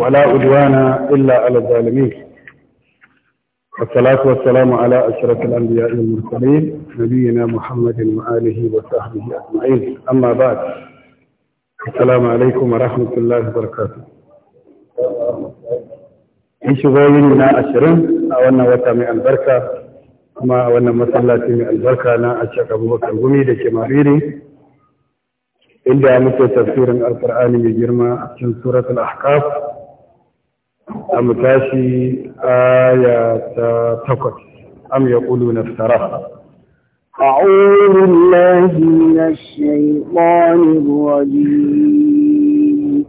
ولا عدوان إلا على الظالمين والصلاة والسلام على أشرف الأنبياء المرسلين نبينا محمد وآله وصحبه أجمعين أما بعد السلام عليكم ورحمة الله وبركاته in shigo yini na ashirin a wannan wata mai albarka kuma a wannan masallaci mai albarka na a shek abubakar gumi da ke mariri عند عمت تفسير القرآن يجرم من سورة الأحقاف تاشي آية تقت أم يقولون افترى أعوذ بالله من الشيطان الرجيم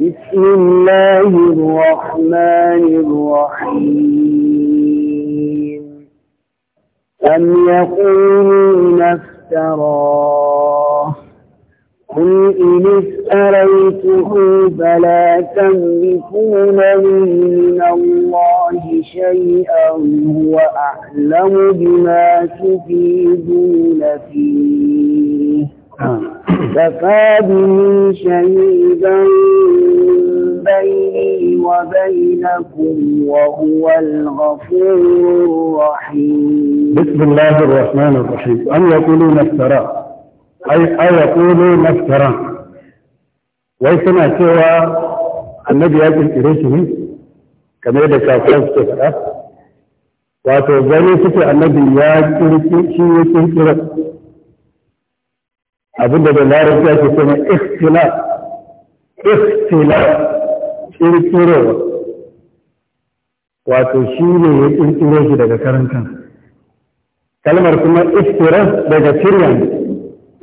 بسم الله الرحمن الرحيم أم يقولون افتراه قل إن افتريته فلا تملكون من الله شيئا هو أعلم بما تفيدون فيه كفى به شهيدا بيني وبينكم وهو الغفور الرحيم بسم الله الرحمن الرحيم أن يقولون افتراه ai aya kulu naftara wai suna cewa annabi ya kirkire shi ne kamar da kafin suke faɗa wato gani suke annabi ya kirkire shi ya kirkire abinda da larabci ya ce kuma ikhtila ikhtila kirkirewa wato shi ne ya kirkire shi daga karanta. kalmar kuma iftira daga shirya ne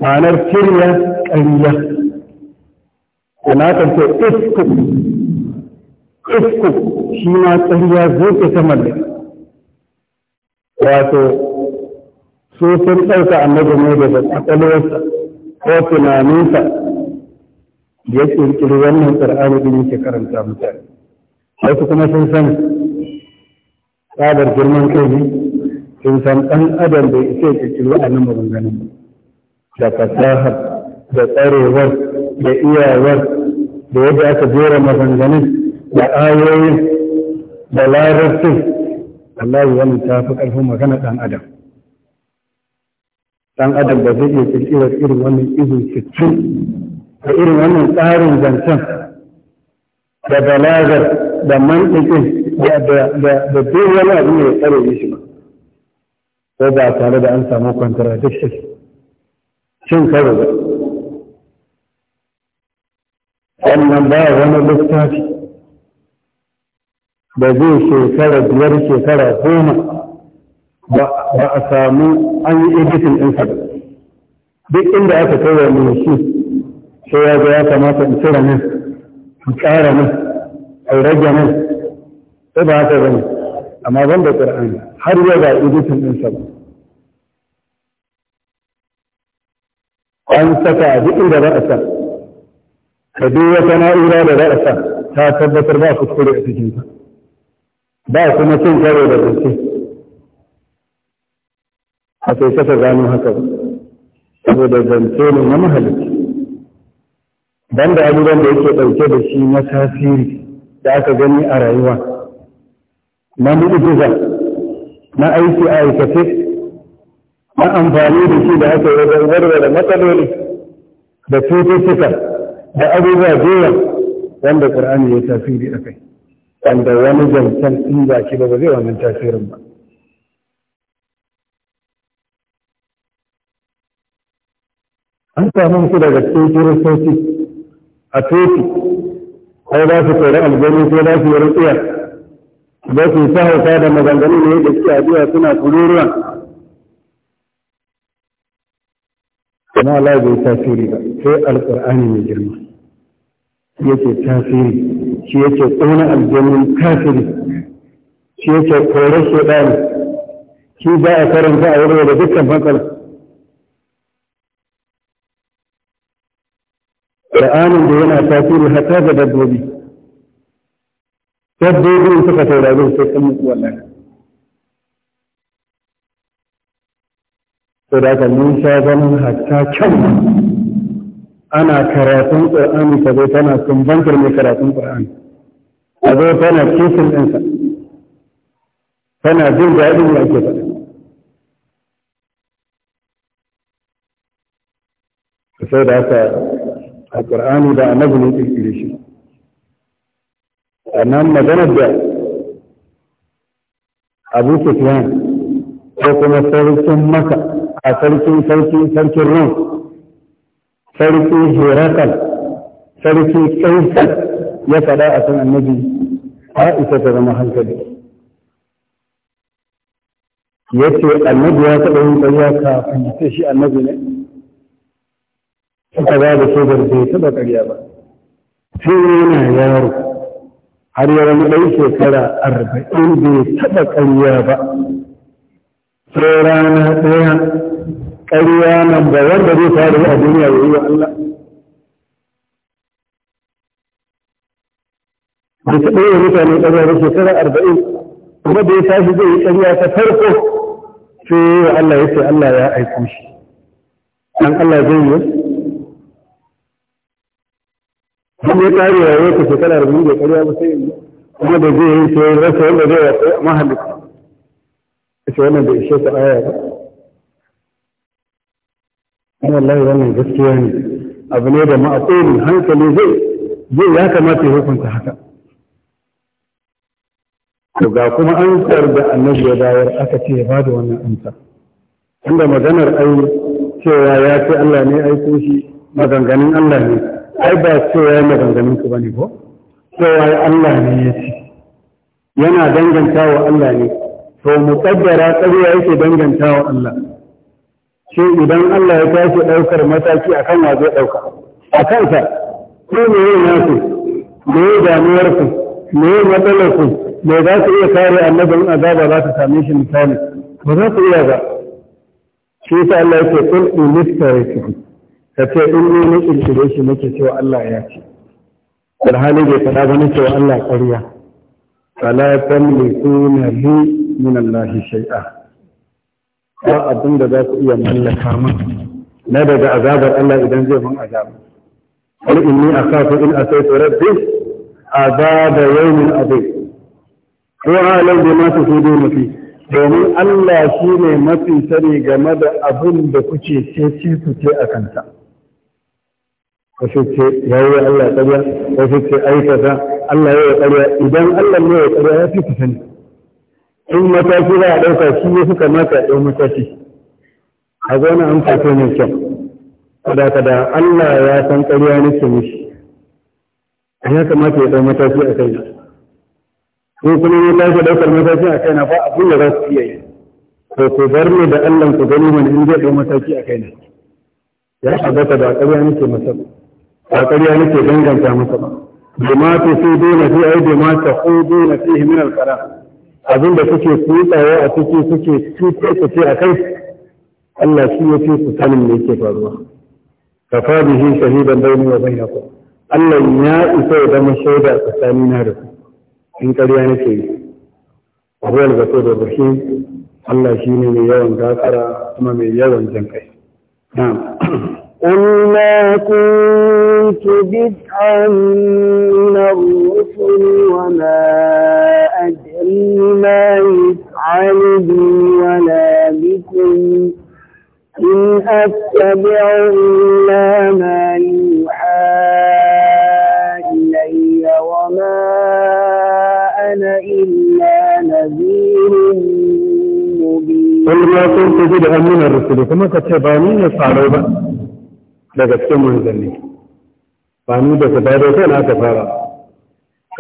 ma'anar kirya ƙarya ana kan ce isku isku shi ma ƙarya zai ta mallaka wato su sun ɗauka annabi ne daga ƙwaƙwalwarsa ko tunaninsa ya ƙirƙiri wannan ƙar'ani da yake karanta mutane wasu kuma sun sani tsabar girman kai sun san ɗan adam da ya ce ƙirƙiri wa'annan maganganun da fasahar da tsarewar da iyawar da yadda aka jera maganganun da ayoyin da larabcin wallahi wannan ta fi ƙarfin magana ɗan adam ɗan adam ba zai iya ƙirƙirar irin wannan izin cikin da irin wannan tsarin zancen da balagar da mantikin da duk wani abu ne ya tsare shi ba ko ba tare da an samu contradiction cin karo wannan ba wani littafi da zai shekara biyar shekara goma ba a samu an yi editin ɗinsa duk inda aka kai wa shi sai ya ga ya kamata in cire min, in ƙara min, in rage nan sai ba haka bane amma ban da ƙur'ani har yau ba editin ɗinsa ba an saka duk inda za a sa ka duk wata na'ura da za a sa ta tabbatar ba kuskure a ta ba kuma cin karo da gaske a sai kasa gano haka saboda zance ne na mahalicci Ban da abubuwan da yake ɗauke da shi na tasiri da aka gani a rayuwa na mu'ujiza na aiki a aikace na amfani da shi da aka wajen warware matsaloli da cututtuka da abubuwa jewa wanda ƙur'ani ya tasiri a kai wanda wani zancen in ba shi ba ba zai wannan tasirin ba an samu su daga cikin kiristoci a toki ko za su tsoro aljani ko za su yi rutsiya za su yi sahauta da maganganu ne da suke abuwa suna kururuwa amma Allah bai tasiri ba sai alqur'ani mai girma yake tasiri shi yake ƙona aljannin tasiri, shi yake kore shedani shi za a karanta a wurin da dukkan matsala Qur'anin da yana tasiri hatta da dabbobi dabbobi suka taurari sai sun mutu wallahi to da aka mun sha ganin hatta kyau ana karatun qur'ani ta zai tana sumbantar mai karatun qur'ani a zai tana kisin ɗinsa tana jin daɗin da ake faɗa sai da aka a ƙur'ani da annabi ne ƙirƙire shi sannan maganar da abu sufyan ko kuma sarkin maka a sarkin sarkin sarkin rom sarkin herakal sarkin kaisar ya faɗa a san annabi isa ta zama hankali ya ce annabi ya taɓa yin ƙarya kafin ya shi annabi ne suka ba da shaidar bai taɓa ƙarya ba sai yana yaro har yawan ɗai shekara arba'in bai taɓa ƙarya ba ko rana ɗaya ƙarya nan da wanda zai faru a duniya ya yi wa Allah da ta ɗaya mutane ƙarya da shekara arba'in kuma da ya tashi zai yi ƙarya ta farko sai wa Allah ya ce Allah ya aiko shi dan Allah zai yi kuma ya ƙari wa yau ta shekara arba'in da ƙarya ba sai kuma da zai yi sai rasa wanda zai wa mahallin ita wannan da ishe ta aya ba in wallahi wannan gaskiya ne abu ne da ma'aqulin hankali zai zai ya kamata ya hukunta haka to ga kuma an da annabi ya bayar aka ce ya bada wannan amsa inda maganar ai cewa ya ce Allah ne ko shi maganganun Allah ne ai ba cewa ya maganganun ku bane ko cewa Allah ne ya ce yana danganta wa Allah ne to mu kaddara ƙarya yake danganta wa Allah shi idan Allah ya tashi ɗaukar mataki akan wa zai ɗauka a kansa ko me yi nasu me yi damuwar ku me yi matsalar ku me za su iya kare annabin azaba za ta same shi misali ba za ku iya ba shi yasa Allah yake kul ilista yake ka ce in ne na kirkire shi nake cewa Allah ya ce alhali bai faɗa ba na wa Allah ƙarya fala tamlikuna li min Allah shay'a ba abin da za ku iya mallaka min na daga azabar Allah idan zai mun azabu. qul inni akhafu in asaytu rabbi azaba yawmin adhim wa alam bima tusudun fi domin Allah shi ne mafi sani game da abin da kuke ce ku ce a kanta wasu ce yayi Allah ya wasu ce aikata Allah ya yi ƙarya idan Allah ne ya ƙarya ya fi ku sani in mataki za a ɗauka shi ya suka mata ɗau mataki a zaune an fato mai kyau kada kada Allah ya san ƙarya nake mishi a ya kamata ya ɗau mataki a kai ko kuma ya tashi ɗaukar mataki a kai na ba abin da za su iya yi ko ku bar ni da Allah ku gani mana in zai ɗau mataki a kai na ya ka ba ƙarya nake masa ba ƙarya nake danganta masa ba bima tu fi dole fi ai bima ta ko na fihi min al abin da suke kutsawa a ciki suke cutar su ce a kai Allah shi ya fi ku sanin me yake faruwa ka fa bihi shahidan bayni wa bainakum Allah ya isa ya zama shaida tsakani na da ku in ƙarya nake yi abu al gato da bashi Allah shi ne mai yawan gafara kuma mai yawan jan kai na'am قل ما كنت بدعا من الرسل وما ما يفعل بي ولا بكم إن أتبع إلا ما يوحى إلي وما أنا إلا نذير مبين قل ما كنت بدعا من الرسل كما كتباني يفعلوا بقى لقد كم منزلني فعني بس بعد وكان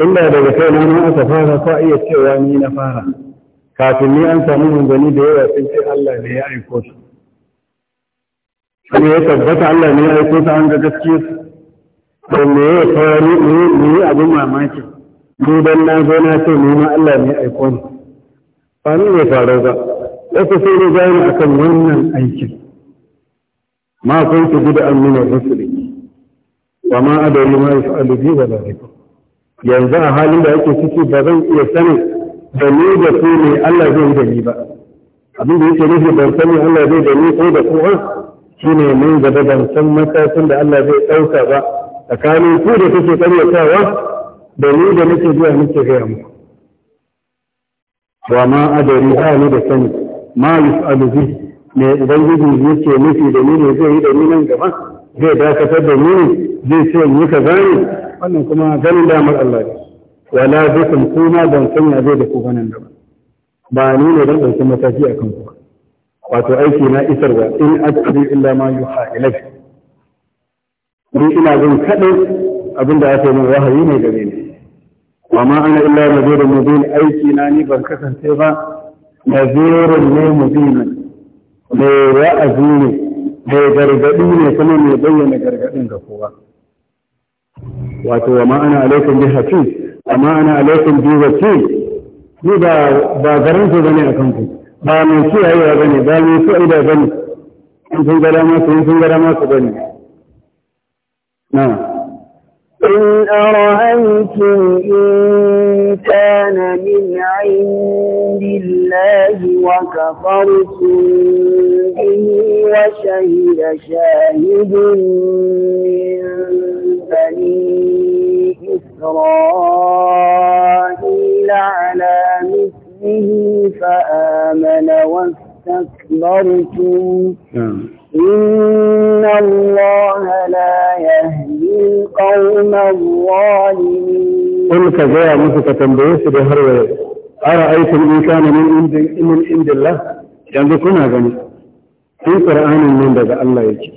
inda daga kai na nuna ka fara ko iya cewa ni na fara kafin ni an samu gani da yawa sun ce Allah ne ya aiko su kuma ya tabbata Allah ne ya aiko su an ga gaskiya to me ya fara ni ni abin mamaki ni dan na zo na ce ni ma Allah ne ya aiko ni ba ni ne faru ba wasu sai ne gani akan wannan aikin ma kun su gudu an nuna rusuli wa ma adari ma yasu alubi wa zalikum yanzu a halin da yake ciki ba zan iya sani da ni da ku ne Allah zai yi da ni ba abin da yake nufi ban sani Allah zai da ni ko da ku shi ne mun gaba ban san matakin da Allah zai ɗauka ba tsakanin ku da kuke karyatawa da ni da nake zuwa nake gaya muku wa ma adari ba ni da sani ma yus'alu bi me ubangiji yake nufi da ni ne zai yi da ni nan gaba zai dakatar da ni zai ce ni ka gani? wannan kuma ganin damar Allah ne wala bikum kuma ban sanya zai da ku ganin da ba ni ne dan ɗauki mataki a kan ku wato aiki na isarwa in ajri illa ma yuha ilayk ni ina zan kadai abinda aka yi min wahayi ne gare ni amma ana illa nazirun mubin aiki na ni ban kasance ba nazirun ne mubin mai wa'azi ne mai gargadi ne kuma mai bayyana gargadin ga kowa wato wa ma'ana alaikum bi hafi wa ma'ana alaikum bi wakil ni ba ba garin ku bane a ku ba mai kiyayewa bane ba mai su'ida bane in sun gara ma su in sun gara ma bane na'am إن أرأيتم إن كان من عند الله وكفرتم به وشهد شاهد من بني إسرائيل على مثله فآمن واستكبرتم نعم. إن الله لا يهدي القوم الظالمين قل كذا مثل تنبيه في هر أرأيتم إن كان من عند من عند الله يعني كنا غني في قرآن من بدأ الله يجي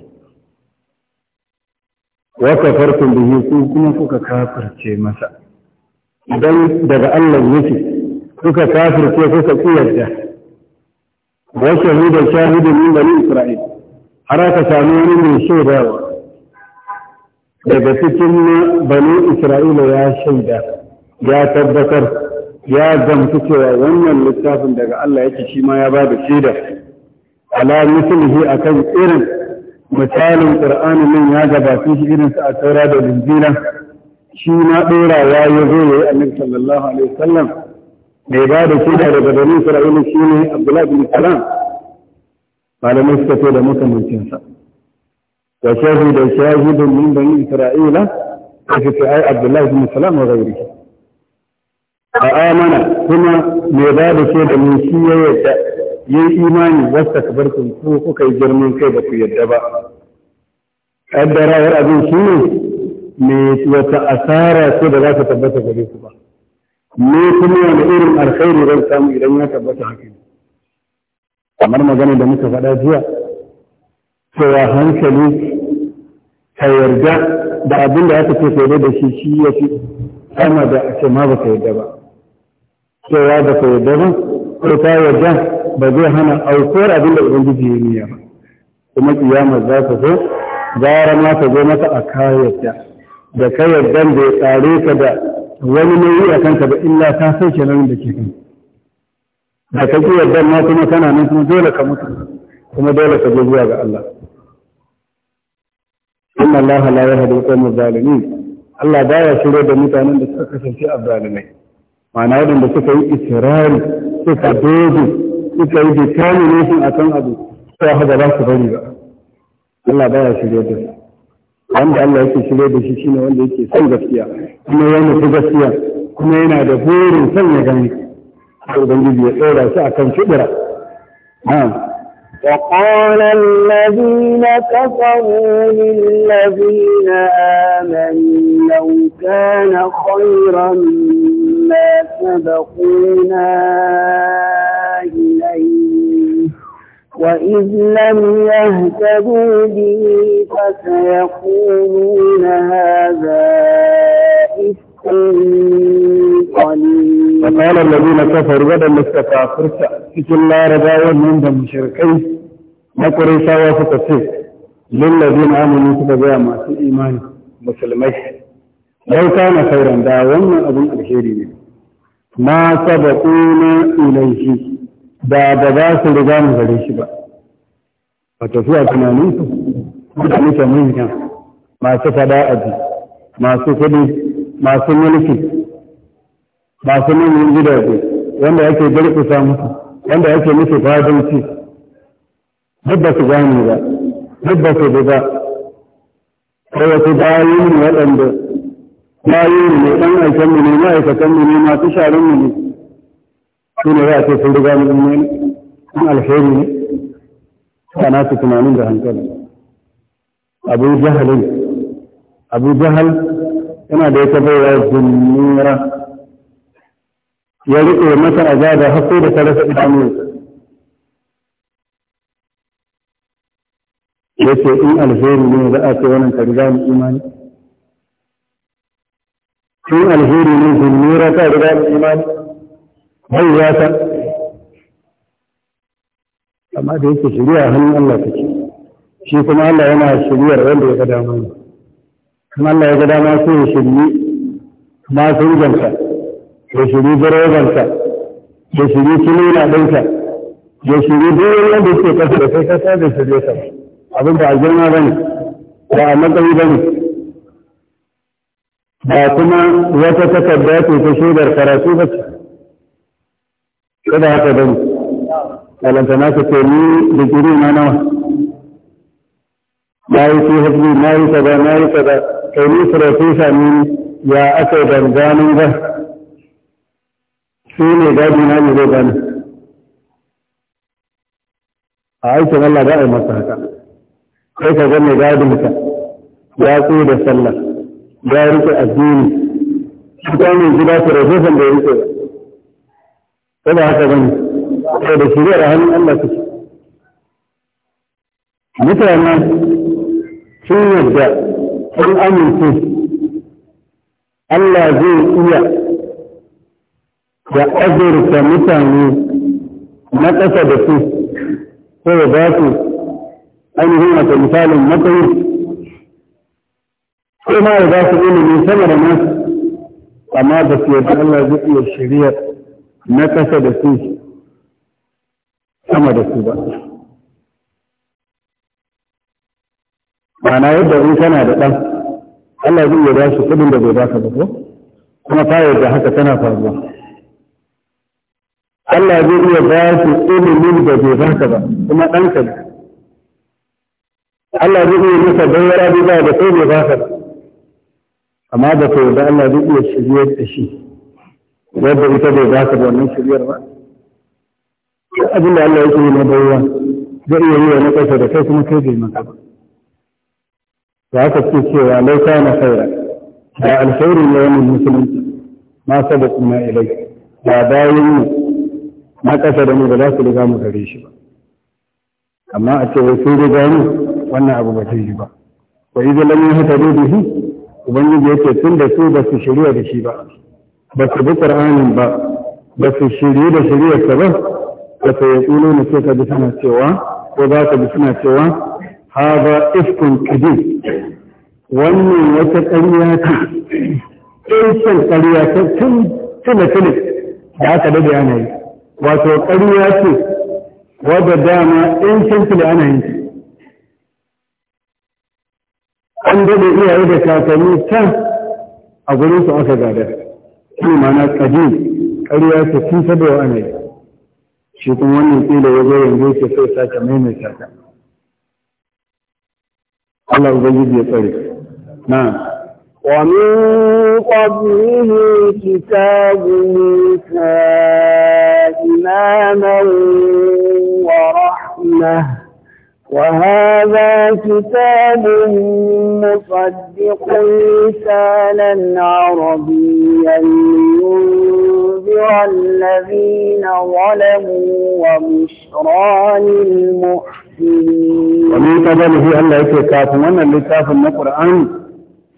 وكفرتم به كما كوكا كافرتي مسا idan daga Allah yake kuka kafirce kuka kiyarta wa shahida shahidun من بني إسرائيل Ana ka sami wani mai shaidawa daga cikin bani isra'ila ya shaida ya tabbatar ya gamsu cewa wannan littafin daga Allah yake shi ma ya ba da shaida ala a kan irin misalin qur'ani min ya gabatun shi irin sa a taura da linjila shi na ɗora ya yi zo yayi annabi sallallahu alaihi wasallam da ba da shaida daga banu isra'ila shine abdullahi bin salam malamai suka ce da makamancinsa wa shahidu shahidun min bani isra'ila kace ce ai abdullahi bin salam wa ghairi a amana kuma me ba da ce da mun shi ya yadda yayi imani wasta kabarkum kuka yi girman kai ba ku yadda ba kaddarawar abin shi ne me wata asara ce da za ta tabbata gare ku ba me kuma wani irin alkhairi zan samu idan ya tabbata haka kamar magana da muka faɗa jiya cewa hankali ka yarda da abin da aka ce ka da shi shi ya fi sama da a ma ba ka yarda ba cewa ba ka yarda ba ko ka yarda ba zai hana aukuwar abin da ubangiji ya niyya ba kuma kiyama za ka zo gara ma ka zo mata a ka da ka yarda bai tsare ka da wani nauyi a kanka ba illa ka san kenan da ke kanka da ka ji yadda ma kuma kana nan kuma dole ka mutu kuma dole ka je zuwa ga Allah inna Allah la yahdi al-qawm adh Allah Allah baya shirye da mutanen da suka kasance azzalimai ma'ana da suka yi israri suka dogo suka yi determination akan abu sai haka ba su bari ba Allah ya shirye da su wanda Allah yake shirye da shi shine wanda yake son gaskiya kuma yana fi gaskiya kuma yana da burin son ya gani ubangiji ya tsora akan وقال الذين كفروا للذين آمنوا لو كان خيرا ما سبقونا إليه وإذ لم يهتدوا به فسيقولون هذا إفق قليل na kafa ruwa da استكافرت cikin larabawan nan da mushrikai na qurayshawa suka ce lillazina amanu suka ga masu imani musulmai lau kana khairan da wannan abin alheri ne ma sabaquna ilayhi da ba su riga mu ba wato su a tunanin su mutane kamar masu fada ji, masu kudi masu mulki ba su nemin gidaje wanda yake girkusa musu wanda yake musu fadanci duk ba su gane ba duk ba su buga ko wasu bayi ne waɗanda bayi ne ɗan aiken mu ne ma'aikatan mu ne masu sharan mu ne su ne za a ce sun riga mu ne in alheri ne ana su tunanin da hankali abu jahalin abu jahal yana da ya baiwa zunnura ya riƙe masa a har sai da ta rasa idanunsa ce in alheri ne za a ce wannan ka riga mu imani in alheri ne zunnura ka riga mu imani bai ya ta amma da yake shirya hannun Allah ce. shi kuma Allah yana shari'ar wanda ya ga dama ne kuma Allah ya ga dama sai ya shirye ma sun janta ya shiri direbanka ya shiri kilina ɗinka ya shiri duk wanda ke kasa da kai kasa da shirye ka abin da a girma ba ne ba a matsayi ba ne ba kuma wata takarda ce ta shaidar karatu ba ce kada haka ba ne alantana ka ce ni digiri na nawa na yi phd na yi kaza na yi kaza kai ni farfesa ne ya aka yi danganin ba shi ne daji na ne zai gani a aikin Allah ba a yi masa haka sai ka gane gadinka ya tsaye da sallah ya rike addini shi ta ne gida ta rajefan da ya rike Ta ba haka gani sai da shirya hannun Allah su mutanen sun yadda sun amince Allah zai iya da azurta mutane na ƙasa da su ko da ba su ainihin wata misalin matsayi ko ma da ba su ilimi sama da nasu amma ba su yadda Allah zai iya shirya na ƙasa da su sama da su ba. Ma'ana yadda in kana da ɗan, Allah zai iya ba shi kuɗin da bai ba ka ba ko? Kuma ta yadda haka tana faruwa. Allah zai iya ba su ilimin da bai baka ba kuma ɗanka ne Allah zai iya masa bayar abubuwa da kai bai baka ba amma da kai da Allah zai iya shiryar da shi yadda ita bai baka da wannan shiryar ba abin da Allah yake yi na bayuwa zai iya yi wa na ƙasa da kai kuma kai bai maka ba da haka ce cewa lauka na khaira da alkhairin yawan musulunci ma sabaquna ilayhi ba bayin mu na ƙasa da mu ba za su riga mu gare shi ba amma a ce sun riga mu wannan abu ba zai yi ba wa idan lam yahtadu bihi ubangiji yake tun da su ba su shirya da shi ba ba su bi qur'anin ba ba su shirye da shirya ta ba ba su yaƙulu na sai ka bi suna cewa ko za ka bi suna cewa hada ifkun kadir wannan wata ƙarya ce ƙarshen ƙarya ta tun tuna tuni da aka daga yanayi wato ƙarya ce wadda dama in shimfila ana yin shi an daɗe iyaye da kakanni can a gurin su aka gada shi mana ƙadim ƙarya ce tun saboda ana yi shi kuma wannan ƙila ya zo yanzu ke so sake maimaita ta Allah Ubangiji ya tsare na'am ومن قبله كتاب موسى إِمَامًا ورحمة وهذا كتاب مصدق لسانا عربيا لينذر الذين ظلموا وبشرى للمحسنين ومن قبله أن لا يتكاف من لتاف القرآن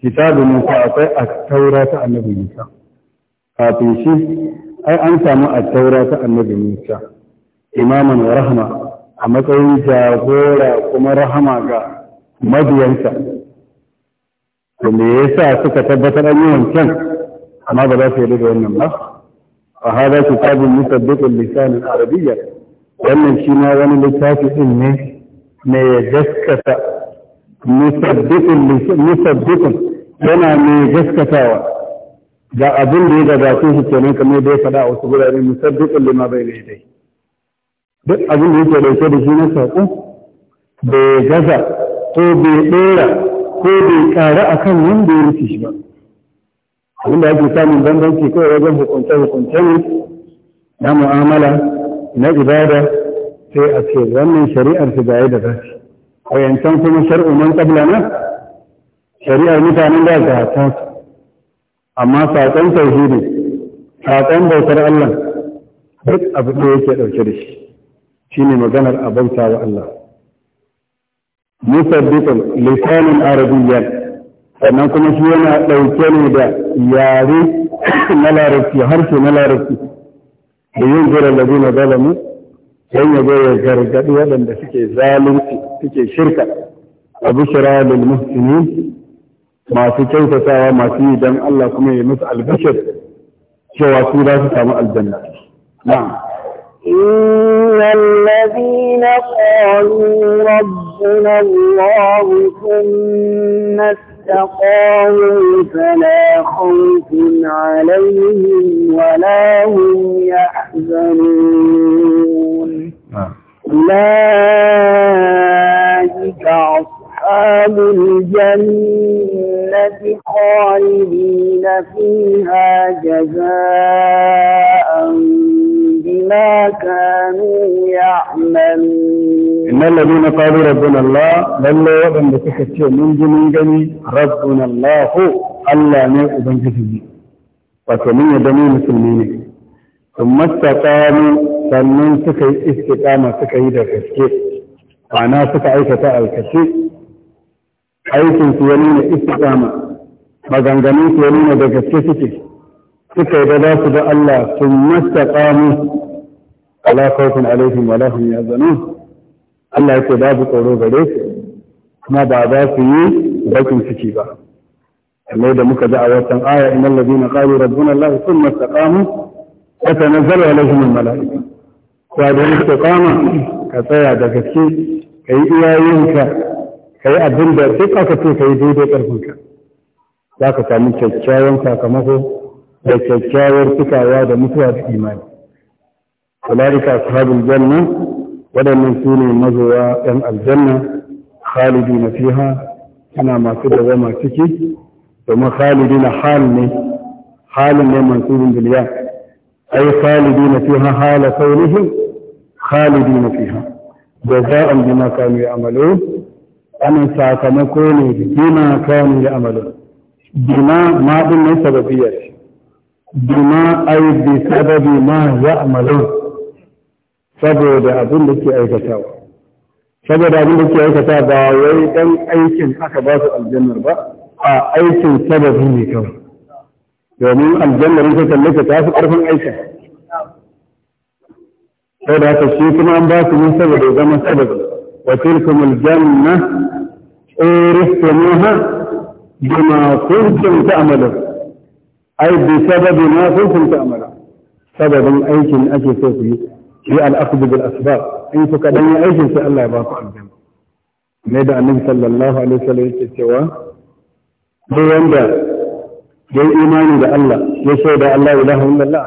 كتاب موسى أطيع التوراة النبي موسى ai an samu a taura ta annabi Musa imaman wa rahama a matsayin jagora kuma rahama ga mabiyansa to me yasa suka tabbatar an yi wancan amma ba za su yi da wannan ba a hada kitabun musaddiqul lisan arabiyya wannan shi ma wani littafi din ne me ya gaskata musaddiqul lisan yana me gaskatawa ga abin da ya gabace shi kenan kamar da ya faɗa a wasu gurare musaddiqan lima bai yadayhi duk abin da yake dauke da shi na saƙo bai gaza ko bai ɗora ko bai ƙara a kan wanda ya rufe shi ba abin da ake samun bambanci kawai wajen hukunce-hukunce ne na mu'amala na ibada sai a ce wannan shari'ar su ga da zafi a yancan kuma shar'u man kabla na shari'ar mutanen da ga ta su amma saƙon tauhidi saƙon bautar Allah duk abu da yake ɗauke da shi shine maganar a bauta wa Allah musaddiqan lisanin Arabiyya sannan kuma shi yana ɗauke ne da yare na larabci harshe na larabci da yin jira lazina zalamu don ya zo ya gargaɗi waɗanda suke zalunci suke shirka a shira lil muhsinin masu kyautatawa masu yi don Allah kuma ya musu albashir cewa su za su samu aljanna na'am إن الذين قالوا ربنا الله ثم استقاموا فلا خوف عليهم ولا هم يحزنون أولئك عصر اصحاب الجنه خالدين فيها جزاء بما كانوا يعملون ان الذين قالوا ربنا الله بل وابن بكتشي من جنين ربنا الله ألا ما ابن جسدي وكمين بني مسلمين ثم استقاموا sannan suka yi istiƙama suka yi da kaske kwana suka aikata aikin su ya nuna istiqama maganganun su ya nuna da gaske suke suka yi da za su da Allah sun mastaqamu ala khawfin alaihim wa lahum yahzanun Allah yake babu tsoro gare su kuma ba za su yi bakin ciki ba kamar da muka ji a watan aya innal ladina qalu rabbuna Allah sun istaqamu tatanazzalu alaihim al malaika wa da istiqama ka tsaya da gaske kai iyayenka ka yi abin da duk aka ce ka yi daidai ƙarfinka za ka sami kyakkyawan sakamako da kyakkyawar cikawa da mutuwa da imani kulalika ashabul janna waɗannan su ne mazowa ɗan aljanna khalidi na fiha suna masu zama ciki domin khalidi na hal ne halin ne mansubin biliya ai khalidi na fiha hala saurihin khalidi na fiha da za'an bima kanu ya amalo wannan sakamako ne bima kanu ya amalu bima ma din ne sababiyya bima ai bi sababi ma ya amalu saboda abin da ke aikatawa saboda abin da ke aikata ba wai dan aikin aka ba su aljannar ba a aikin sababi ne kawai domin aljannar ita tallata ta fi karfin aikin Sai da haka shi kuma an ba su ne saboda zama sababi وتلكم الجنة أورثتموها بما كنتم تعملون أي بسبب ما كنتم تعملون سبب أيش أجي سوفي في الأخذ بالأسباب إن أي شيء سأل الله باقع الجنة ماذا النبي صلى الله عليه وسلم يتسوى بياندا يا إيمان بالله يشهد أن لا إله إلا الله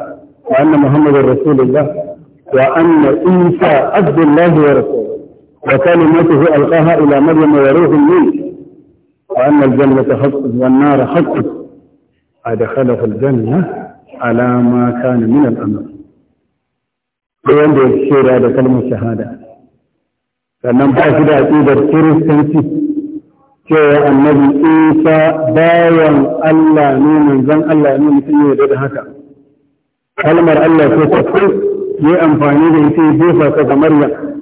وأن محمد رسول الله وأن إنسى عبد الله ورسوله وكلمته ألقاها إلى مريم وروح منه وأن الجنة حقك والنار حقك أدخله الجنة على ما كان من الأمر وينبغي الشيء هذا كلمة شهادة فلم تأخذ أكيد الشير السنسي جاء النبي عيسى باوا الله نوم زن الله نوم في يد هكا كلمة الله في تفكير يأم فاني بيتي بيفا مريم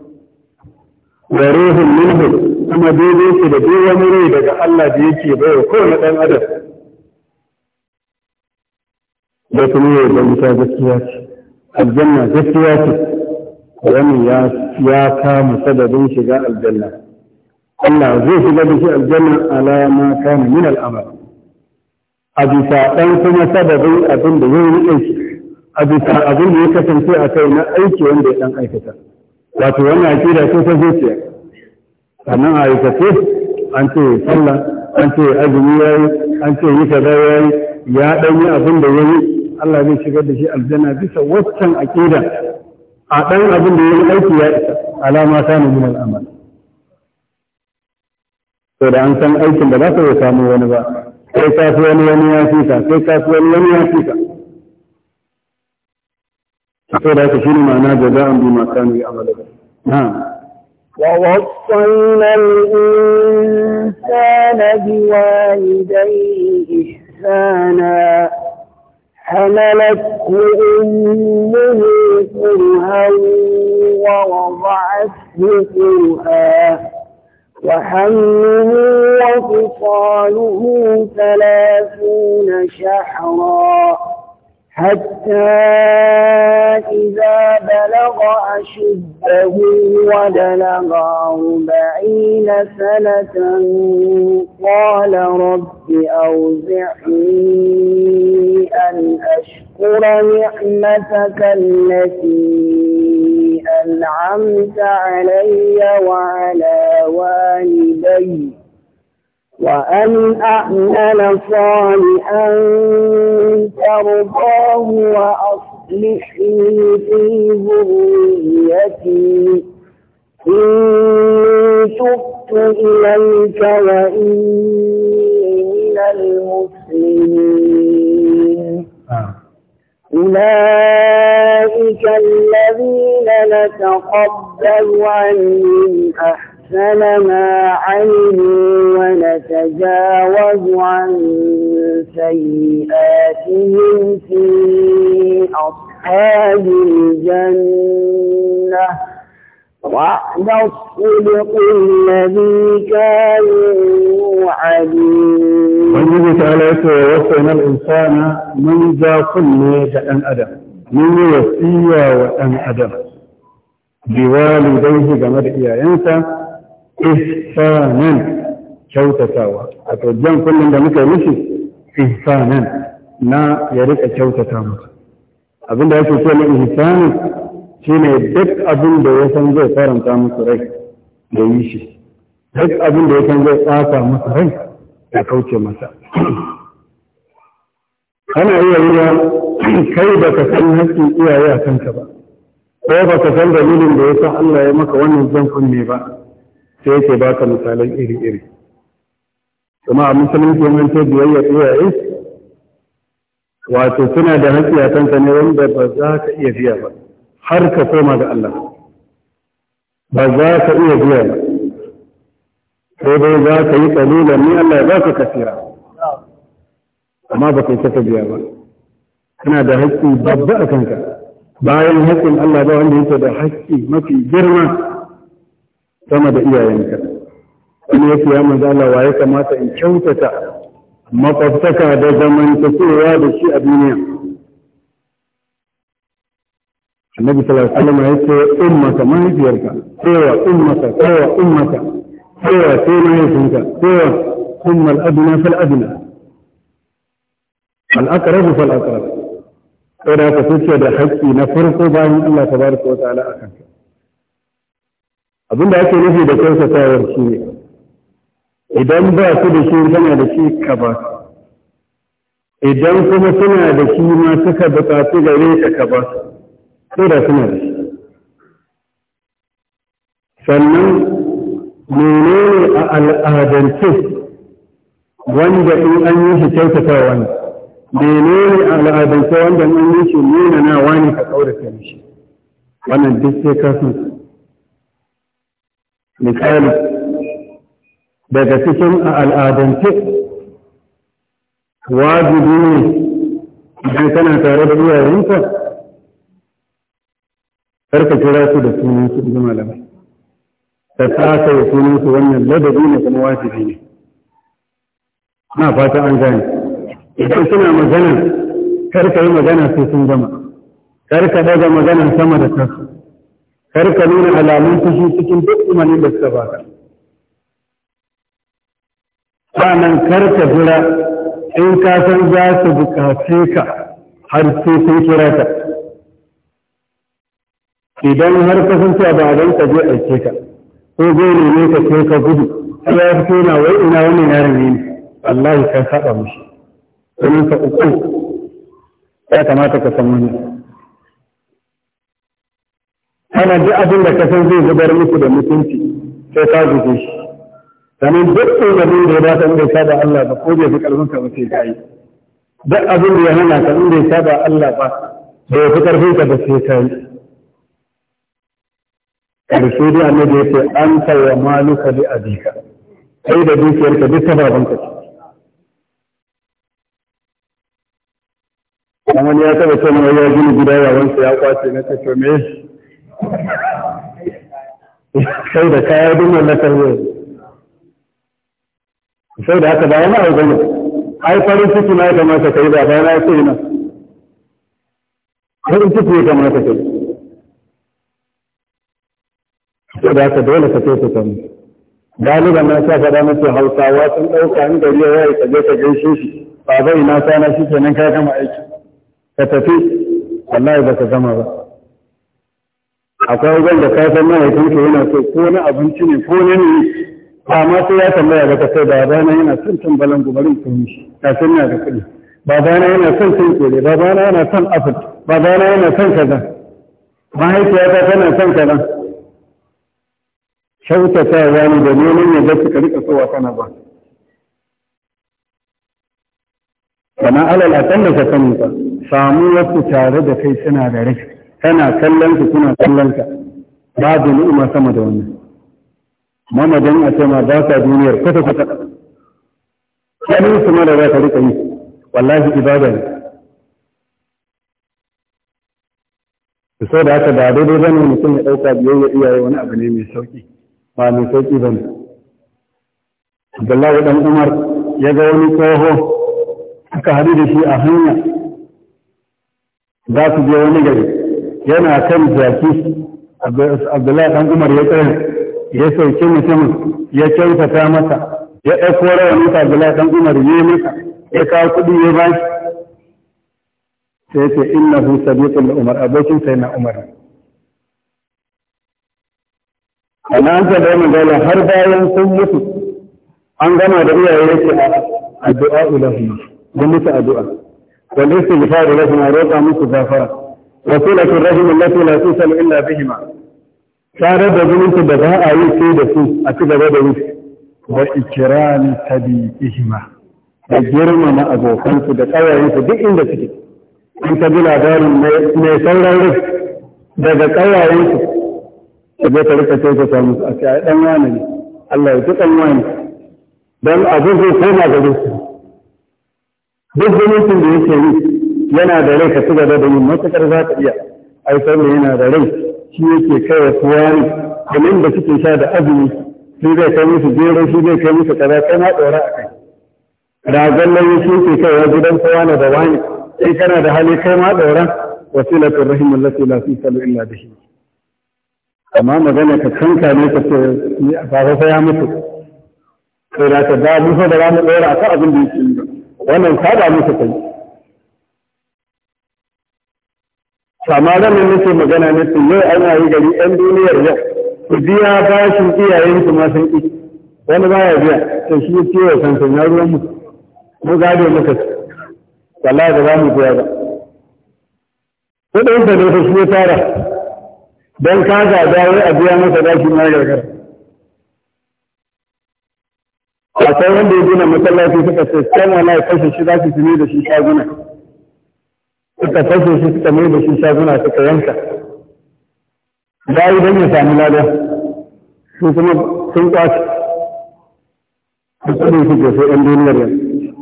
wa ruhun minhu kuma daidai yake da duk wani rai daga Allah da yake baiwa kowane ɗan adam da kuma yau da wuta gaskiya ce aljanna gaskiya ce wani ya kama sadadin shiga aljanna Allah zai shiga da shi aljanna ala ma kana min al'amal a bisa ɗan kuma sadadin abin da ya yi aiki a bisa abin da ya kasance a kai na aiki wanda ya ɗan aikata wato wannan aƙida ko ta zuciya sannan a aikace an ce sallah an ce azumi yayi an ce yi kaza yayi ya ɗan yi abin da yayi Allah zai shigar da shi aljanna bisa waccan aƙida a ɗan abin da yayi aiki ya isa alama ta ne min al'amal to da an san aikin da ba ka samu wani ba sai ka wani wani ya fi ka sai ka wani wani ya fi ka saboda haka shi ne ma'ana بما bi ma kanu نعم ووصينا الإنسان بوالديه إحسانا حملته أمه كرها ووضعته كرها وحمله وفصاله ثلاثون شحرا حتى إذا بلغ أشده وبلغ أربعين سنة قال رب أوزعني أن أشكر نعمتك التي أنعمت علي وعلى والدي وأن أعمل صالحا ترضاه وأصلح لي في ذريتي إن تبت إليك وإني من المسلمين آه. أولئك الذين نتقبل عنهم أحسن فلما علموا ونتجاوز عن سيئاتهم في أصحاب الجنة وعد الصدق الذي كانوا عليه والنبي تعالى وصينا الإنسان من جا كل أن أدم من يوصي وأن أدم بوالديه جمد إياه ihsanan kyautatawa a jan kullum da muka yi mishi ihsanan na ya rika kyautata masa abin da yake cewa ihsanan shine duk abin da ya san zai faranta musu rai da yi shi duk abin da ya san zai tsaka musu rai ya kauce masa ana iya yi wa kai ba ka san haƙƙin iyaye a kanka ba ko ba ka san dalilin da ya sa Allah ya maka wannan jan kunne ba sai yake baka misalan iri-iri kuma a musulunci mun ce biyayya iyaye wato suna da haƙƙi a kanka ne wanda ba za ka iya biya ba har ka koma ga Allah ba za ka iya biya ba sai dai za ka yi kalilan ni Allah ya ka kasira amma ba kai ka biya ba suna da haƙƙi babba a kanka bayan haƙƙin Allah ba wanda yake da haƙƙi mafi girma sama da iyayenka kuma yake ya manzo Allah waye kamata in kyautata makwabtaka da zamantakewa da shi a duniya annabi sallallahu alaihi wasallam yace ummaka mahaifiyarka kowa ummaka kowa ummaka kowa sai mahaifinka kowa ثم الأدنى فالأدنى الأقرب فالأقرب إذا كنت da haƙƙi na farko bayan Allah tabaraka Abin da ake nufi da kyautatawa shi ne idan ba su da shi tana da shi ka ba idan kuma suna da shi ma suka buƙatu gare ka ka ba su da suna da shi sannan menene a al'adance wanda in an yi shi kyautatawa ne menene a al'adance wanda in an yi shi nuna na wani ka kaurace mishi wannan duk sai ka san misali daga cikin al'adance wajibi ne idan kana tare da iyayenka karka kira su da sunan su da malamai ka saka da sunan su wannan ladabi ne kuma wajibi ne na fata an gane idan suna magana karka yi magana sai sun gama karka daga magana sama da kansu kar ka nuna alamun fushi cikin duk umarnin da suka baka sannan kar ka jira in ka san za su bukace ka har sai sun kira ka idan har ka san cewa ba zan ka je aike ka ko zai neme ka ce ka gudu sai ya fito na wai ina wannan yaron ne wallahi ka saba mishi domin ka uku ya kamata ka san wannan ana duk abin da ka san zai zubar muku da mutunci sai ka guje shi sannan duk abin da ya ba ka inda saba Allah ba ko bai fi karfin ka ba sai ka yi duk abin da ya hana ka inda ya saba Allah ba bai fi karfin ka ba sai ka yi karshe dai annabi ya ce an tawa maluka li abika kai da dukiyarka duk ta babanka ce wani ya taba ce mana ya gini gida yawansa ya kwace na ce to me sai da kaya duk wannan tarbiyyar sai da haka bayan ma'a ne. ai farin ciki na ya kamata kai ba bayan ya ce na farin ciki ya kamata kai sai da haka dole ka kai ka mu galiban na sa faɗa musu hausawa sun ɗauka in gari ya yi ka je ka gaishe shi ba bai na sana shi kenan ka gama aiki ka tafi wallahi ba ka gama ba akwai wajen da ka san mahaifinka yana so ko na abinci ne ko na ne ba ma sai ya tambaya ga kasai baba na yana son can balan gubarin kun shi kafin na da kuɗi baba na yana son cin kore baba na yana son afir baba na yana son kaza mahaifiyata tana son kaza kyautatawa ne da neman yadda suka rika sowa kana ba kana alal da ka sani ba samu wasu tare da kai suna da rashi kana kallon su kuna kallon ka babu ni'ima sama da wannan mamadan a ce ma ba sa duniyar kwata kwata kanin su mara za ka rika yi wallahi ibada ne da sau da haka ba daidai bane mutum ya ɗauka biyayya iyaye wani abu ne mai sauki ba mai sauki bane Abdullahi dan Umar ya ga wani tsoho aka haɗu da shi a hanya za su je wani gari yana kan jaki abdullahi dan umar ya tsaya ya sauke mutumin ya kyautata masa ya ɗauko rawanin sa abdullahi dan umar ya masa ya kawo kuɗi ya ba shi sai ce innahu sadiqul umar abokin sai na umar ana an ta da magana har bayan sun mutu an gama da iyaye yake addu'a lahum da mutu addu'a wal istighfar lahum roƙa musu gafara وصلة الرحم التي لا توصل إلا بهما tare da zumunci da ba a yi sai da su a ci gaba da wuce wa ikirani tabi'ihima da girmama abokansu da ƙawayensu duk inda suke in ta bi labarin mai sauran rai daga ƙawayensu da ta rika sai samu a ce ɗan Allah ya ɗan don duk da yake yi yana da rai ka ci gaba da yin matuƙar za ka iya ai saboda yana da rai shi yake kai wa kowa ne kamar da suke sha da azumi shi zai kai musu gero shi zai kai musu kaza kai ma ɗora a kai ragon lauyi shi yake kai wa gidan kowa na da wani sai kana da hali kai ma ɗora wasilatun rahimun lati la fi salu illa bihi amma magana ka kanka ne ka ce ni a fa ya mutu sai da ka da mu fa da za mu ɗora a kan abin da yake yi ba wannan ka da musu kai amma ranar nake magana na ce yau ana yi gari ɗan duniyar yau ku biya bashin iyayen su ma sun ƙi wani ba ya biya to shi ce wa kansa na ruwan mu mu gado muka ci wallahi da za mu biya ba kuɗin da ne shi ya tara don ka ga dawo a biya masa bashi ma gargar a sai wanda ya gina masallaci suka ce kan na kashe shi za su tuni da shi shaguna suka kashe shi suka mai da shi shaguna suka yanka ya yi don ya sami lada su kuma sun kwace su kudin su ke sai ɗan duniyar yanzu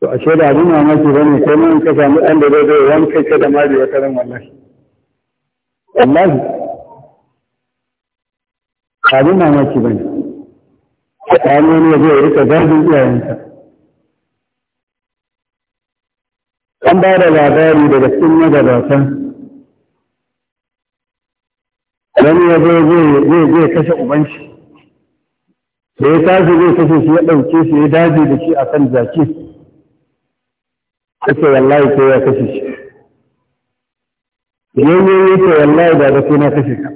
to a shaida abin mamaki ba ne ko mun ka sami ɗan da zai zai wani kai da mali wata karin wallahi wallahi abin mamaki ba ne a ɗan wani ya zai rika zargin iyayensa an ba da labari daga cikin magabatan wani ya zo zai zai kashe uban shi da ya tashi zai kashe shi ya ɗauke shi ya daji da shi a kan jaki ya ce wallahi ko ya kashe shi yanyan ya ce wallahi ba da na kashe ka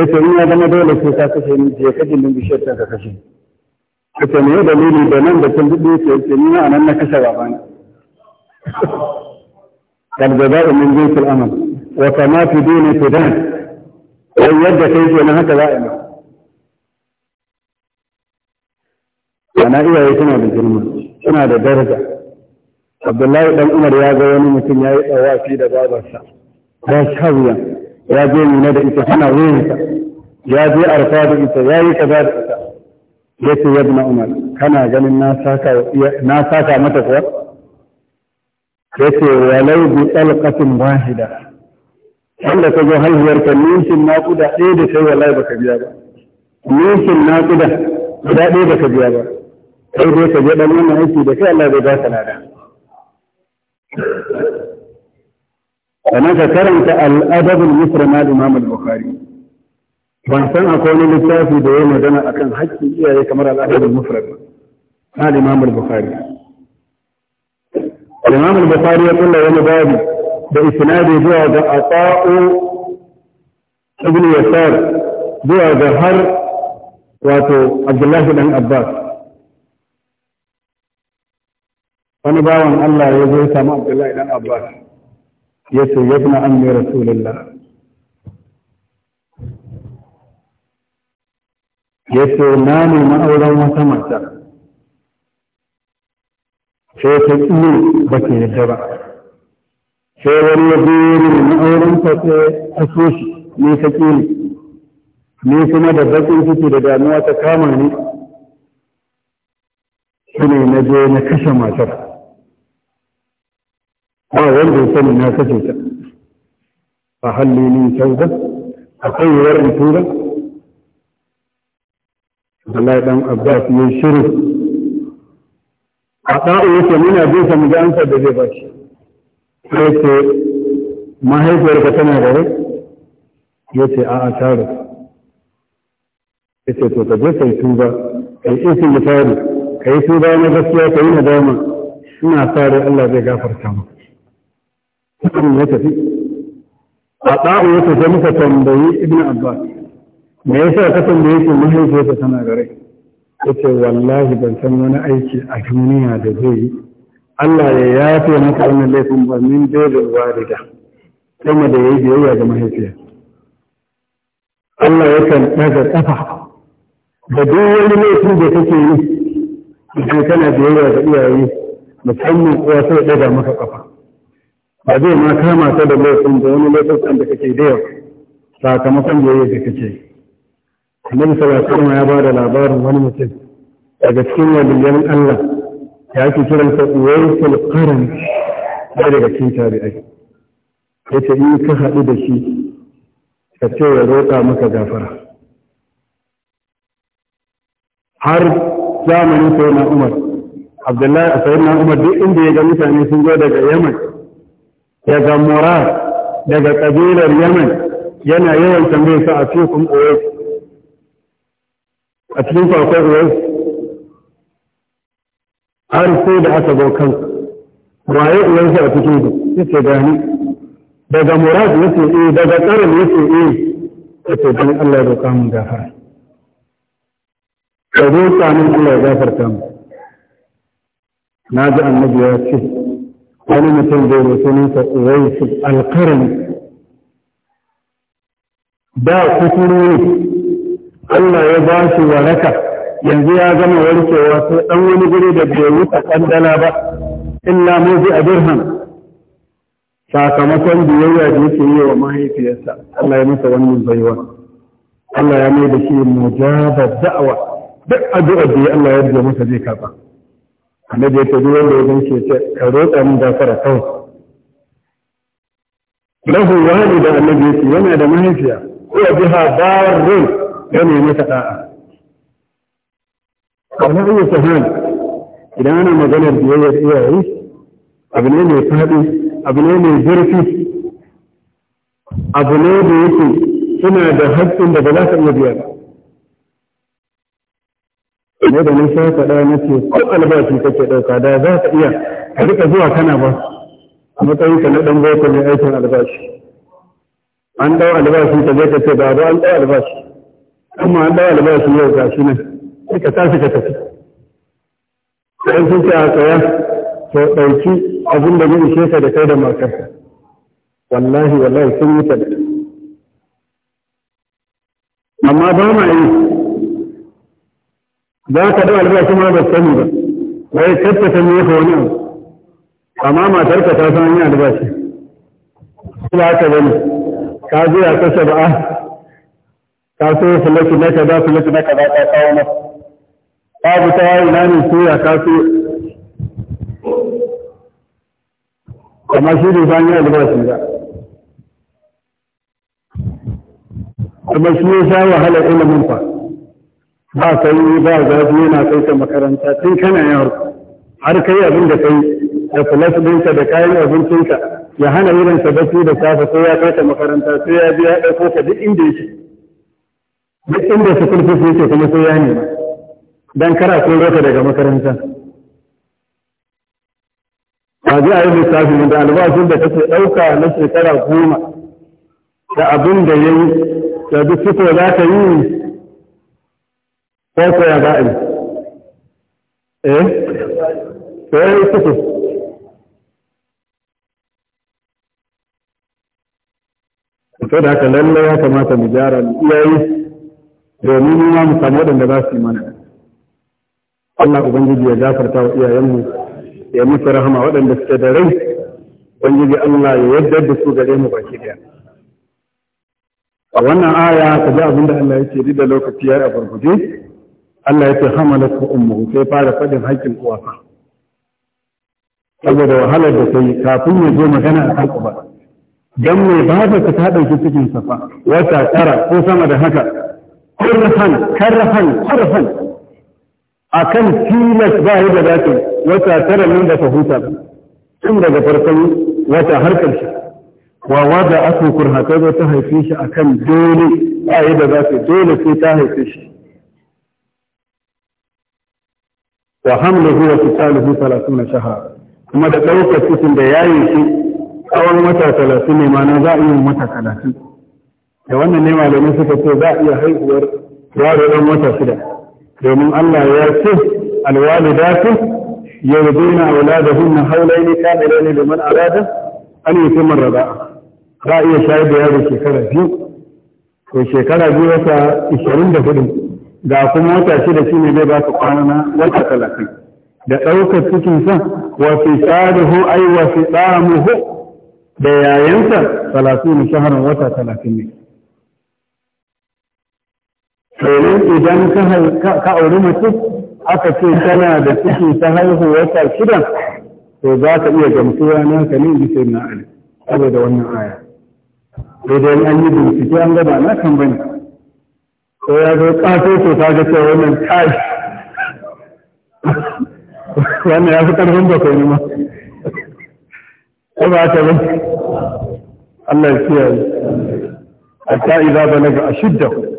ya ce ina zama dole sai ka kashe ni je kashe min bishiyar ka kashe ya ce ne dalili da nan da can duk ya ce ni a nan na kashe babana فالجزاء من جنس الامر وكما في دين فدان اي يد كيف انا هكا دائما انا ايه يا سنا بالجرم سنا بالدرجه عبد الله بن عمر يا زوني مثل يا يقوى في دبابة لا شاوية يا زي من هذا انت هنا وينك يا زي ارفاد انت يا زي كبار يا ابن عمر كان جل الناس ساكا ناس ساكا متفور yace walau bi talqatin wahida wanda ka zo haihuwar ka nishin naƙuda ɗaya da kai wallahi baka biya ba nishin naƙuda guda ɗaya baka biya ba kai dai ka je ɗan wannan aiki da kai Allah zai ba ka lada sannan ka karanta al'adabul misra na Imam al-Bukhari ban san akwai wani littafi da ya magana akan haƙƙin iyaye kamar al'adabul mufrad na Imam al-Bukhari الإمام البطاري يقول له باب بإسناده بعد أطاء ابن يسار بعد هر واتو عبد الله بن عباس فنباوا أن لا يزوي سماء عبد الله بن عباس يسو يبنى عني رسول الله يسو نامي ما أولى ما سمعت sai ta ƙi ba ta yadda ba sai wani ya zo wurin auren ta ta so shi ne ta ƙi ne ni kuma da baƙin ciki da damuwa ta kama ne shi ne na je na kashe matar ba wanda ya sani na kashe ta a hallilin tauba akwai yiwuwar in tura Allah ɗan Abbas ya shirin a ɗa'u yake muna bin sa mu ga da zai bashi sai ce mahaifiyar ka tana da rai ya ce a'a ta ya ce to ka je kai tuba yi isin da Ka yi tuba na gaskiya yi nadama ina sa rai Allah zai gafarta ma hukumin ya tafi a ɗa'u yake tafi muka tambayi ibn abbas me yasa ka tambaye shi ka tana da rai yace wallahi ban san wani aiki a duniya da zai yi Allah ya yafe maka wannan laifin ba min da warida kuma da yayi biyayya ga mahaifiya Allah yakan daga kafa da duk wani laifin da kake yi idan kana biyayya ga iyaye musamman uwa sai daga maka kafa ba zai ma kama ta da laifin da wani laifin da kake da yau sakamakon biyayya da kake yi annabi sallallahu alaihi ya ba da labarin wani mutum daga cikin waliyan Allah ya ake kiransa uwaisul qaran sai daga cikin tabi'ai yace in ka haɗu da shi ka ce ya roƙa maka gafara har zamani sai na Umar Abdullahi sai na Umar duk inda ya ga mutane sun zo daga Yaman daga Morar daga kabilar Yaman yana yawan tambayar sa a cikin Uwais a cikin farkon uwan har sai da aka zo kan waye uwansa a cikin ku yace gani daga murad yace eh daga tsarin yace eh yace dan Allah ya roƙa mun gafara ka roƙa mun Allah ya gafarta mu na ji annabi ya ce wani mutum zai roƙi nisa uwaisu alƙarni da kuturu ne Allah ya ba shi waraka yanzu ya gama warkewa sai dan wani guri da bai wuce kandala ba illa mu bi dirham sakamakon biyayya da yake yi wa mahaifiyarsa Allah ya masa wannan baiwa Allah ya mai da shi mujaba da'awa duk addu'a da Allah ya rige masa zai karba annabi ya ce wanda ya ganke ta ka roƙa min gafara kawai lahu da annabi yace yana da mahaifiya ko biha barrun يعني ان يتقاعد قال اي سهل الى انا ما قلت بيه يا إيه إيه رئيس ابنين يتهدي ابنين يجرفي ابنين يتهدي سنة دهدت ان دبلات المبيان ماذا نسا تدا نسي كل الباس يتكي دوكا دا ذات ايا هلك زوا كان باس اما تهيك ندن بوكا لأيسان الباس عندو الباس يتجيك تدا دو عندو الباس amma an dawa da bayan su yau ga shi nan sai ka tashi ka tafi sai sun ce a tsaya to ɗauki abin da zai ishe ka da kai da makar. wallahi wallahi sun yi tafi amma ba ma yi za ka dawa albashi ma ba sani ba wai tattata ne ka wani abu amma matarka ta san yi albashi ba ka bane ka zo ya kashe ba'a ka so filaki na kaza filaki na kaza ka kawo masa babu ta wayi na ne soya ka so amma shi ne zan yi albashi ba kuma shi ya sha wahalar ilimin fa ba kai ba zafi yana kai ka makaranta tun kana yaro har kai abin da kai da filas ɗinka da kayan abincinka ya hana irin sa bacci da safe sai ya kai ka makaranta sai ya biya ɗauko ka duk inda yake duk inda su kulfi su yake kuma sai ya nema dan kara ko roka daga makaranta ba zai a yi lissafi da albashin da kake ɗauka na shekara goma da abin da ya yi da duk fito za ka yi ko ko ya za a eh ko ya yi fito to da haka lallai ya kamata mu gyara iyayi domin mu ma mu samu waɗanda za su yi mana Allah ubangiji ya gafarta wa iyayenmu ya musu rahama waɗanda suke da rai ubangiji Allah ya yadda da su gare mu baki daya a wannan aya ka ji abin da Allah yake da lokaci ya yi a farkuce Allah yake hamala ku ummu sai fara faɗin haƙƙin uwasa saboda wahalar da kai kafin ya zo magana a kan ba. dan mai ba ta ta ɗauki cikin safa wata tara ko sama da haka kurfan karfan kurfan akan tilas ba yi da zakin wata tara min da huta tun daga farkon wata har ƙarshe wa wada aku kurhata zo ta haife shi akan dole ba yi da zakin dole sai ta haife shi wa hamluhu wa fisaluhu na shahara kuma da ɗaukar cikin da yayin shi tsawon wata 30 ne ma na za a yi wata 30 da wannan ne malamai suka ce za a iya haihuwar yaro ɗan wata shida domin Allah ya ce alwalidatu yarduna auladahunna haulaini ne domin arada an yutimma raba'a za a iya shayar da yaro shekara biyu to shekara biyu wata ishirin da hudu ga kuma wata shida shine zai ba ka kwana na wata talatin da ɗaukar cikin sa wa fi tsarihu ai wa fi tsamuhu da yayansa talatin shaharar wata talatin ne domin idan ka auri mutum aka ce tana da ciki ta haihu wata shida to za ka iya gamsuwa na ka ne bisa na ali saboda wannan aya idan an yi bincike an gaba na kan bane ko ya zo kaso to ta ga cewa wannan kai wannan ya fi karfin bakwai ne ma ko ba ta ba Allah ya kiyaye hatta idza balaga ashiddahu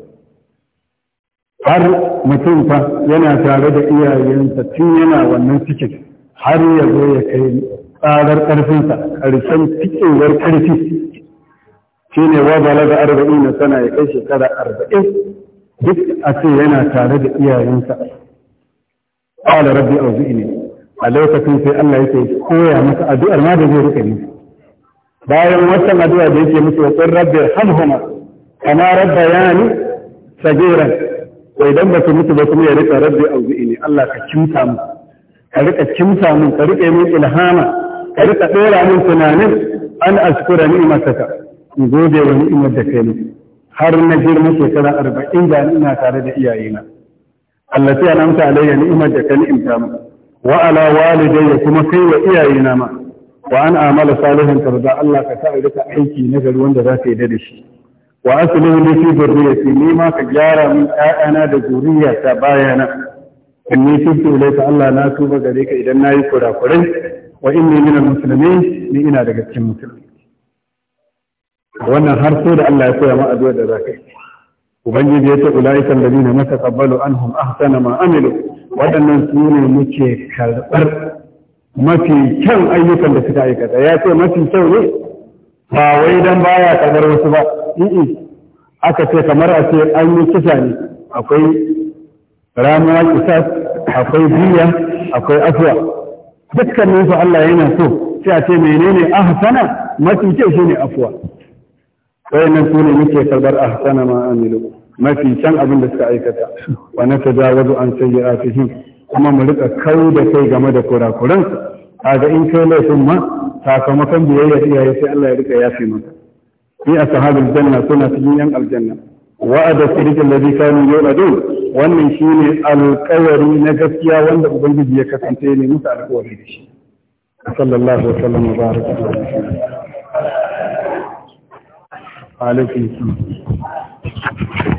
har mutum fa yana tare da iyayensa tun yana wannan cikin har ya zo ya kai tsarar ƙarfinsa ƙarshen cikewar ƙarfi shi ne wa balaga arba'in na sana ya kai shekara arba'in duk a ce yana tare da iyayensa ƙwala rabbi a ne a lokacin sai Allah yake koya masa addu'ar ma da zai rika ne bayan wata addu'a da yake musu wa rabbi hamhuma kama rabbayani sagiran ko idan ba su mutu ba kuma ya rika rabbi auzi'ini Allah ka kimta mu ka rika kimta mu ka rika min ilhama ka rika dora min tunanin an askura ni'mataka in gode wa ni'imar da kai har na girma shekara arba'in da ina tare da iyayena Allah sai an amsa alayya ni'imar da kai ni'imta mu wa ala walidayya kuma kai wa iyayena ma wa an amala salihan tarda Allah ka sa rika aiki na gari wanda za ka yi da shi wa aslihu li fi dhurriyyati ni ma ka gyara min ƴaƴana da zuriyata bayana inni tubtu ilayka Allah na tuba gare ka idan nayi kurakurai wa inni min al ni ina daga cikin musulmi wannan har so da Allah ya koya ma addu'a da zakai ubangiji ya ce ulaika alladhina nataqabbalu anhum ahsana ma amilu waɗannan su ne muke karɓar mafi kyan ayyukan da suka aikata ya ce mafi kyau ne ba wai dan baya karɓar wasu ba aka ce kamar a ce an yi kisa ne akwai ramuwa kisa akwai biya akwai afuwa dukkanin su Allah yana so sai a ce menene ahsana mafi kyau shine afuwa wayannan su ne muke karbar ahsana ma amilu mafi can abin da suka aikata wa na tajawazu an sayyi'atihim kuma mu rika kau da kai game da kurakuran kaga in kai laifin ma sakamakon biyayya iyaye sai Allah ya rika yafi maka fi ashabil janna suna cikin yan aljanna wa'ada sirrin ladhi kanu yu'adun wannan shine alƙawari na gaskiya wanda ubangiji ya kasance ne musu alƙawari da shi sallallahu alaihi wa sallam